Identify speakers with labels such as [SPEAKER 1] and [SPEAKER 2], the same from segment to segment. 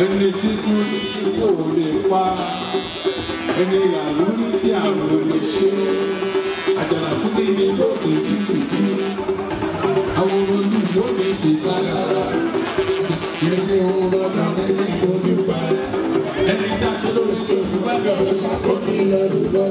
[SPEAKER 1] ẹni títí ikú ò lè pa ẹni ìyàwó ní tí àwọn ò lè ṣe àjànàkú ní ilé lókè títí bí àwọn olójú yóò lè dé lára ìrètí òun lọ́dọ̀ méjì tó ní pa ẹni tí a ṣe lórí tó fi bá bẹ̀rẹ̀ sáfọ́ ní ilẹ̀ lọ́dọ̀.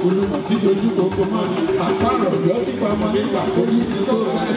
[SPEAKER 1] ògùn ní títí ojú gbogbo mọ́ni àpárọ̀ yọ nípa mọ́ nípa kó ní ìṣòro láì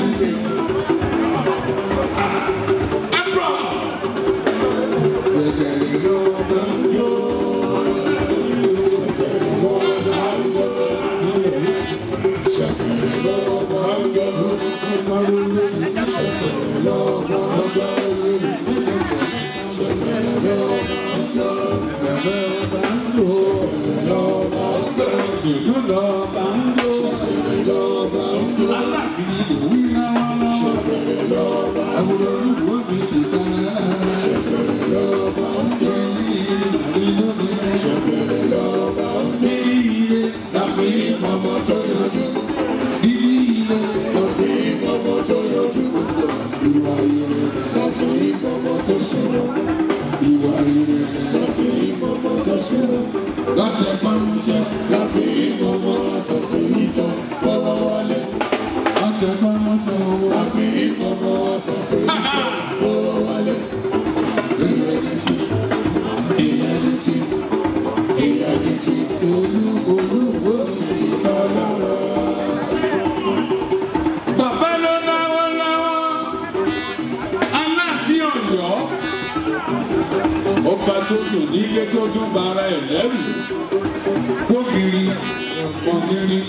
[SPEAKER 1] lọ́ba ń jó. ṣẹ̀lẹ̀ lọ́ba ń jó. alábìlì ìwé náà. ṣẹ̀lẹ̀ lọ́ba ń ọba tó sùn nílé tó tún bara ẹ̀ lẹ́rù kókiri ọ̀nìrin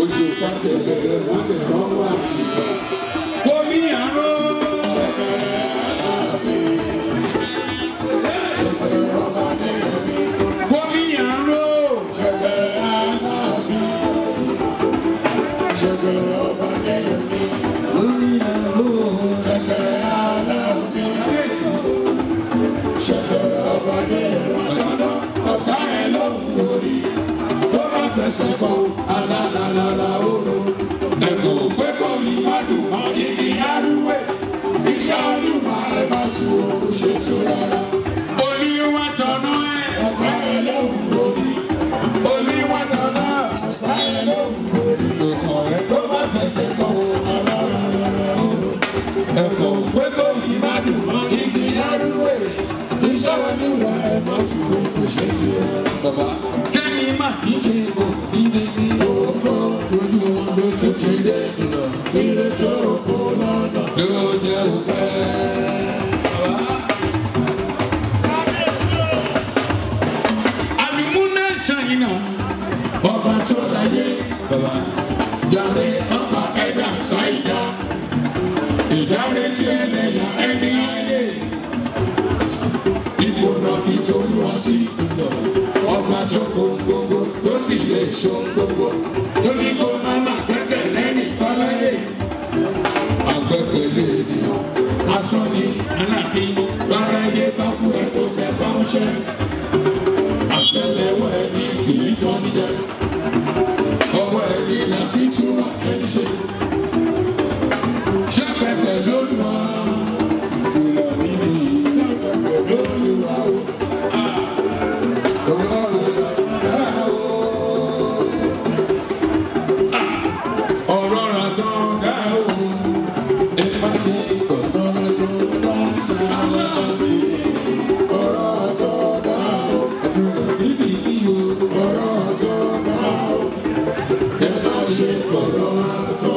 [SPEAKER 1] ojú pàtẹ́kẹ̀rẹ̀ ṣẹbọ alálàlàlà oró. Ẹ̀kọ́ pé kò yí má dùn mọ́ igi tu òun ṣe tó rárá. Olúwa tọ̀nà ẹ̀. Ọ̀tá ẹ lóhùn lórí. Olúwa tọ̀nà ọ̀tá ẹ lóhùn lórí. Ọ̀rẹ́ tó bá fẹsẹ̀ tu òun ṣe tó rárá. ni aláàfin gbáráyé bá kú ẹ kó tẹ bámúṣẹ àtẹ́lẹwọ́ ẹ ní kìlí tí wọn jẹ ọwọ́ ẹ ní láfi tú ẹni ṣe ṣẹpẹtẹ lórí wọn. for God.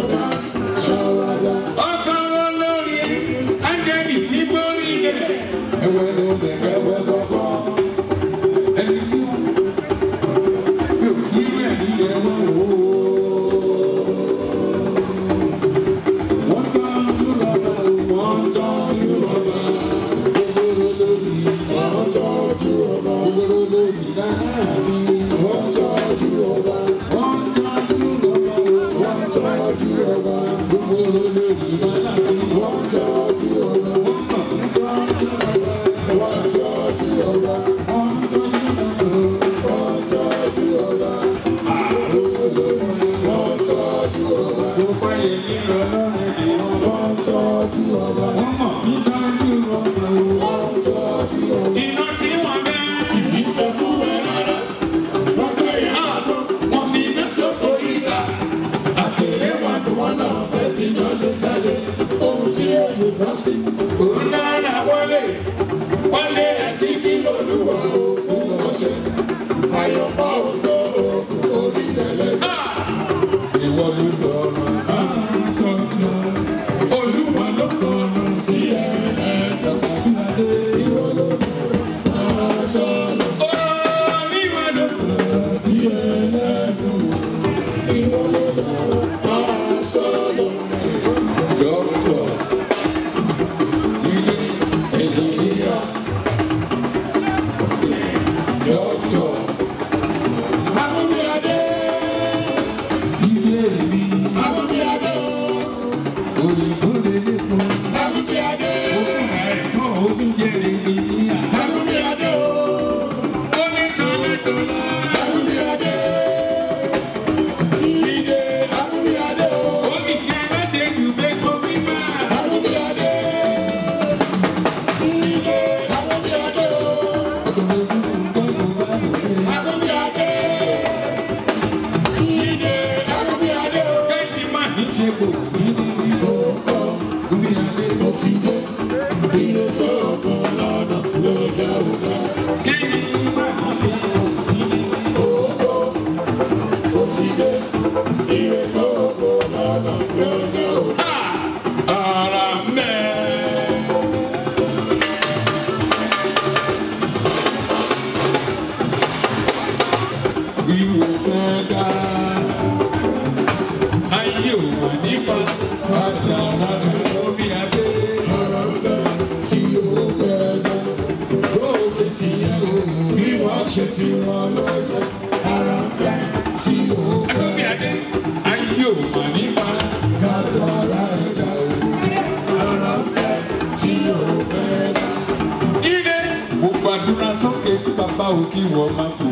[SPEAKER 1] fẹ́. Ire gbogbo àdúrà sókè sí bàbá òkè wọ́n máa kú.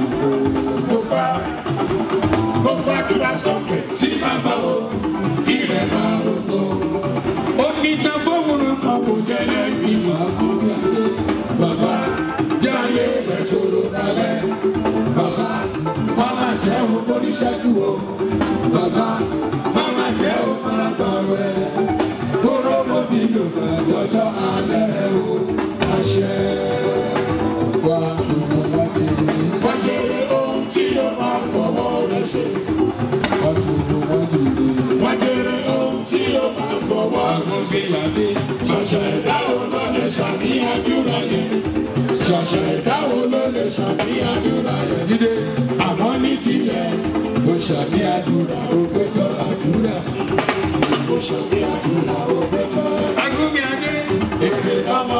[SPEAKER 1] Gbogbo gbogbo àdúrà sókè sí bàbá o, ire máa ń fò. Oníta fóònù kan kò jẹ́lẹ̀ bí màá kó jáde. Bàbá jáde rẹ̀ tó ló dalẹ̀. Bàbá màmá nílò máa lọ́jọ́ alẹ́ o àṣẹ wà tún wá dé. wọ́n jèrè ohun tí yóò máa fọwọ́ rẹ ṣe. wà tún wá dé. wọ́n jèrè ohun tí yóò máa fọwọ́ rẹ ṣe. ṣọ̀ṣọ̀ ẹ̀dá wo ló lè ṣàníyàn dúró yẹn? ṣọ̀ṣọ̀ ẹ̀dá wo ló lè ṣàníyàn dúró yẹn? àmọ́ ní tiẹ̀ kò ṣàníyàn dúró ògbẹ́jọ́ àdúrà ṣògbé àdúrà òbí tó. Agúnbí Adé. Èdè ọmọ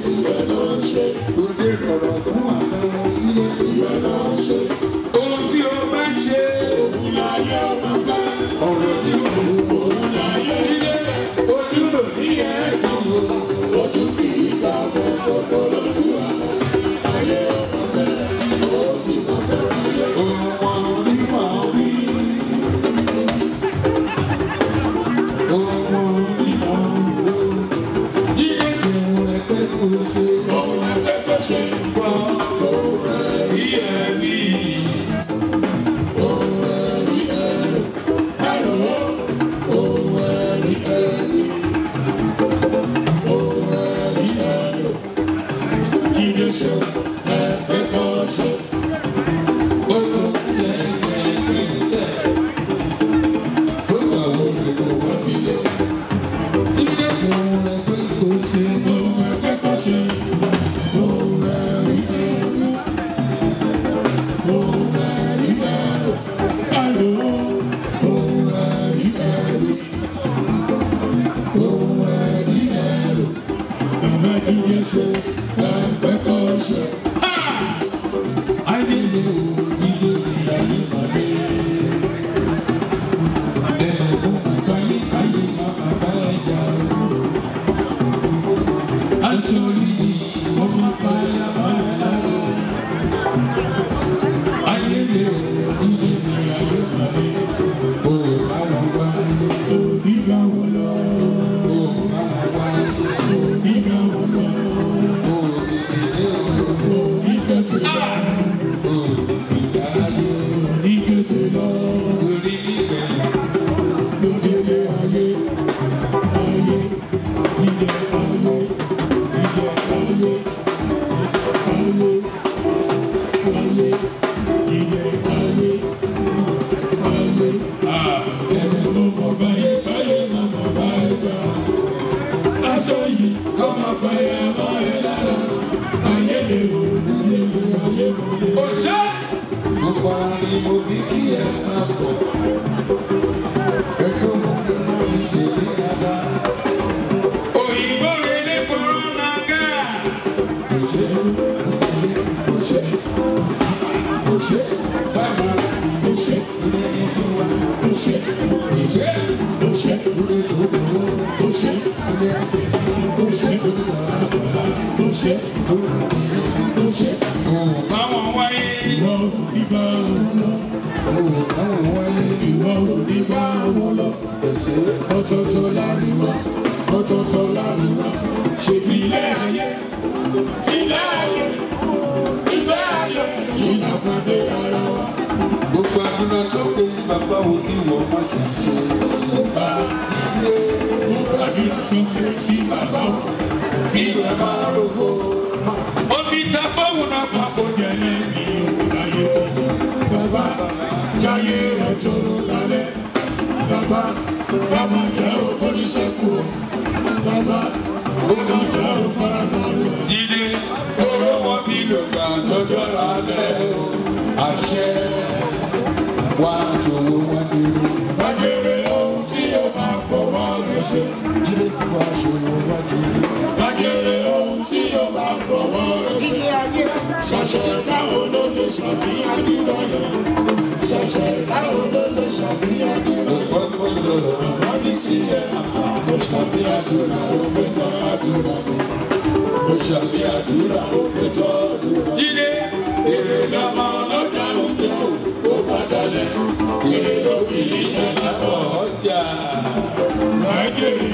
[SPEAKER 1] Thank you. Imagination and precaution. I believe. Bullshit. sókè sí bàbá o ìgbà máa ro fo. omi ta fóun náà pa kò jẹ lẹ́yìn òun ayé kò. fi lò gbà lọ́jọ́ lálẹ́ o àṣẹ wàá jòwó ṣe jíde gbogbo aṣòro wá kiri. lágẹ̀rẹ̀ ohun tí ó bá fọwọ́ rẹ̀ ṣe. ilé ayé. ṣọ̀ṣẹ̀ báwo ló lè ṣàbí adírọ̀yọ̀. ṣọ̀ṣẹ̀ báwo ló lè ṣàbí adírọ̀yọ̀. wọ́n ní tí ẹ mo ṣàbí àdúrà òwe tó àdúrà mi. mo ṣàbí àdúrà òwe tó àdúrà mi. jíde èrè lọ́mọ lọ́jà oúnjẹ ò padà lẹ́nu. èrè ló ìyẹn lábọ̀ ọjà máa jèrè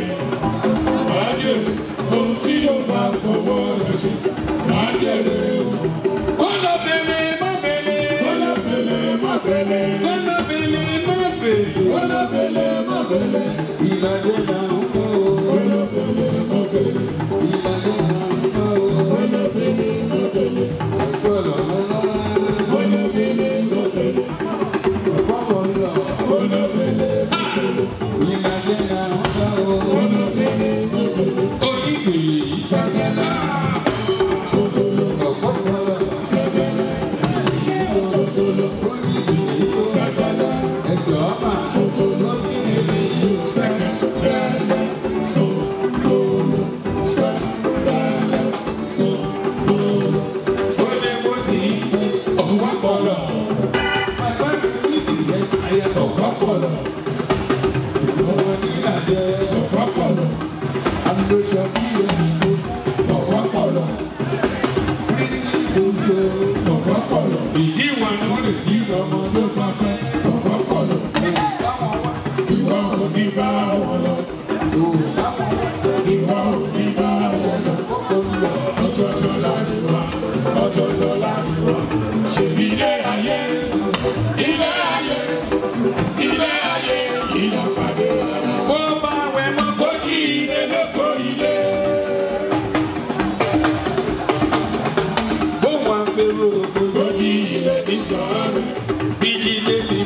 [SPEAKER 1] máa jèrè ohun tí yóò máa fọwọ́ rẹ̀ ṣe máa jèrè o. kọ́nà fèlè má fèlè. kọ́nà fèlè má fèlè. kọ́nà fèlè má fèlè. kọ́nà fèlè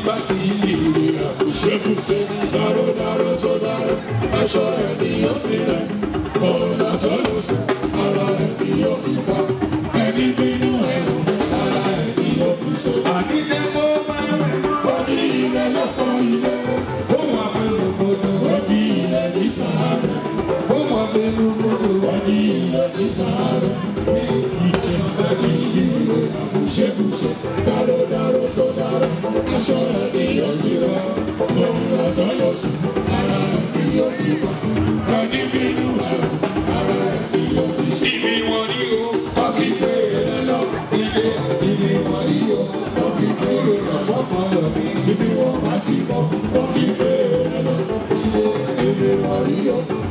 [SPEAKER 1] bá ti yí ìrìnà kò ṣekúṣe dáròdárò tó dárò aṣọ rẹ̀ ni yóò fi rẹ̀ ọ̀la tó lọ sùn ara rẹ̀ ni yóò fi pa ẹni bínú ẹ̀rù ara rẹ̀ ni yóò fi so. àníjẹ́ mo máa rẹ̀ wọ́n ní ilẹ̀ lọ́kọ̀ ilẹ̀ ohun àfẹnukọ́dọ̀ wọ́n ní ilẹ̀ ní sàárẹ̀ ohun àfẹnukọ́dọ̀ wọ́n ní ilẹ̀ ní sàárẹ̀. Maria, Ave Maria,